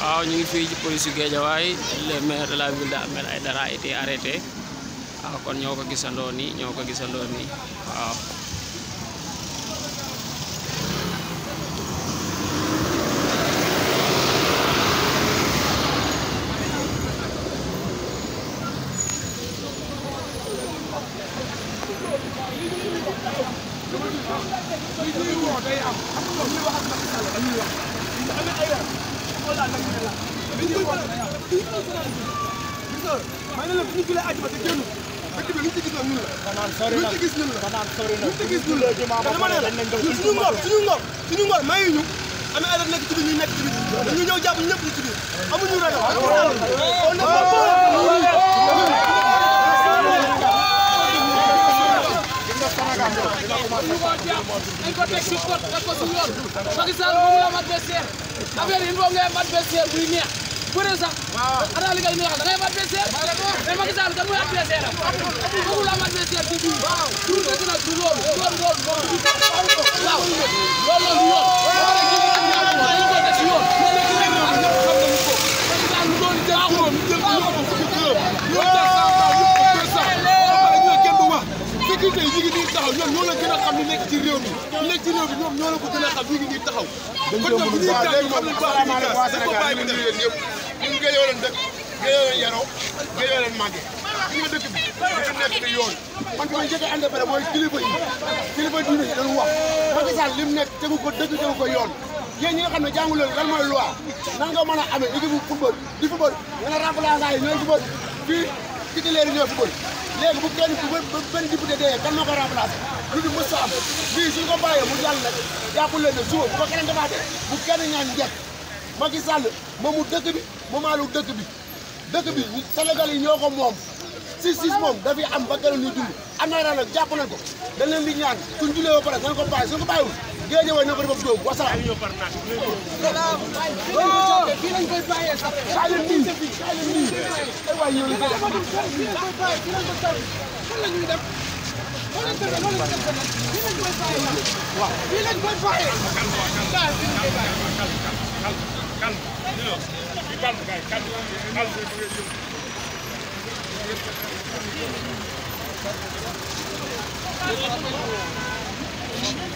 waaw ñu ngi fii ci police yu Guédiawaye le maire de la ville de Ahmed Aïdara waaw kon ñoo ko gisandoo nii ñoo ko gisandoo nii waaw may na la fi ñu jëlee àjjuma te génn dëkk bi lu ci gis nag ñun la lu ci gis ñun la lu ci gis ñun la te dama ne la ñun suñu ngor suñu ngor suñu ngor mayu ñu amee alal nekk ci biir ñuy nekk ci biir ñu ñëw jàpp ñëpp ñu ci biir amuñu ragal Enkotek, sikot, ekos yon Chakisa, nou yon la matbe ser A ver, yon nou gen patbe ser, brinye Bwene sa, a dan li gen yon Gen patbe ser, enkotek, nan mwen atbe ser Nou yon la matbe ser, kibi Souni gen yon, souni yon Souni yon, yon yon Souni yon, yon yon Souni yon, yon yon Souni yon, yon yon Souni yon, yon yon Souni yon, yon yon taxaw ñoom ñoo la gën a xam li nekk ci réew mi li nekk ci réew mi ñoom ñoo la ko gën a xam ñu ngi nii taxaw. dañ ko mën bu baax léegi moom salaamaaleykum waa Sénégal ñu ngi nuyu leen yëpp ñun géejoo leen dëkk géejoo leen yaroo géejoo leen màggee ñu ngi dëkk bi dafa nekk di yoon man bi ma njëkk a ànd bare mooy kilifa yi kilifa diine yi dañu wax Macky Sall li mu nekk tegu ko dëgg tegu ko yoon yéen ñi nga xam ne jàngu leen lan mooy loi nan nga mën a amee équipe football di football nga ne remplaçant yi ñooy football fii député léegi ñoo fi bëri léegi bu kenn bu benn député dee kan moo ko remplacé lu di mës a am bii suñ ko bàyyee mu jàll nag jàppul leen ne suba bu ko keneen defaatee bu kenn ñaan njëkk Macky Sall moomu dëkk bi moomalu dëkk bi dëkk bi Sénégal yi ñoo ko moom si si moom dafay am ba gën a ñuy ko dañ leen di ñaan suñ jullee ba pare dañ ko bàyyi suñ ko Guédiawaye ñoo ko def góob wasalaam. fii lañ koy bàyyee sax. saa leen nii saa leen nii. aywa yow li koy def fii lañ koy bàyyee fii lañ koy bàyyee. fan la ñuy dem. fan lañ koy bàyyee fii lañ koy bàyyee. waaw fii lañ koy bàyyee. waaw fii lañ koy bàyyee.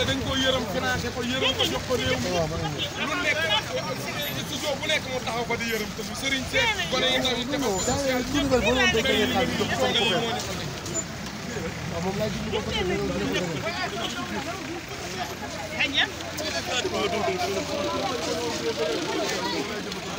yàlla dañ ko yërëm financé ko yërëm ko jox ko réew mi lu nekk institution bu nekk mu taxaw fa di yërëm te sëriñ Seck gone yi ndaw yi defal ko social ñëpp ñëpp ñëpp ñëpp ñëpp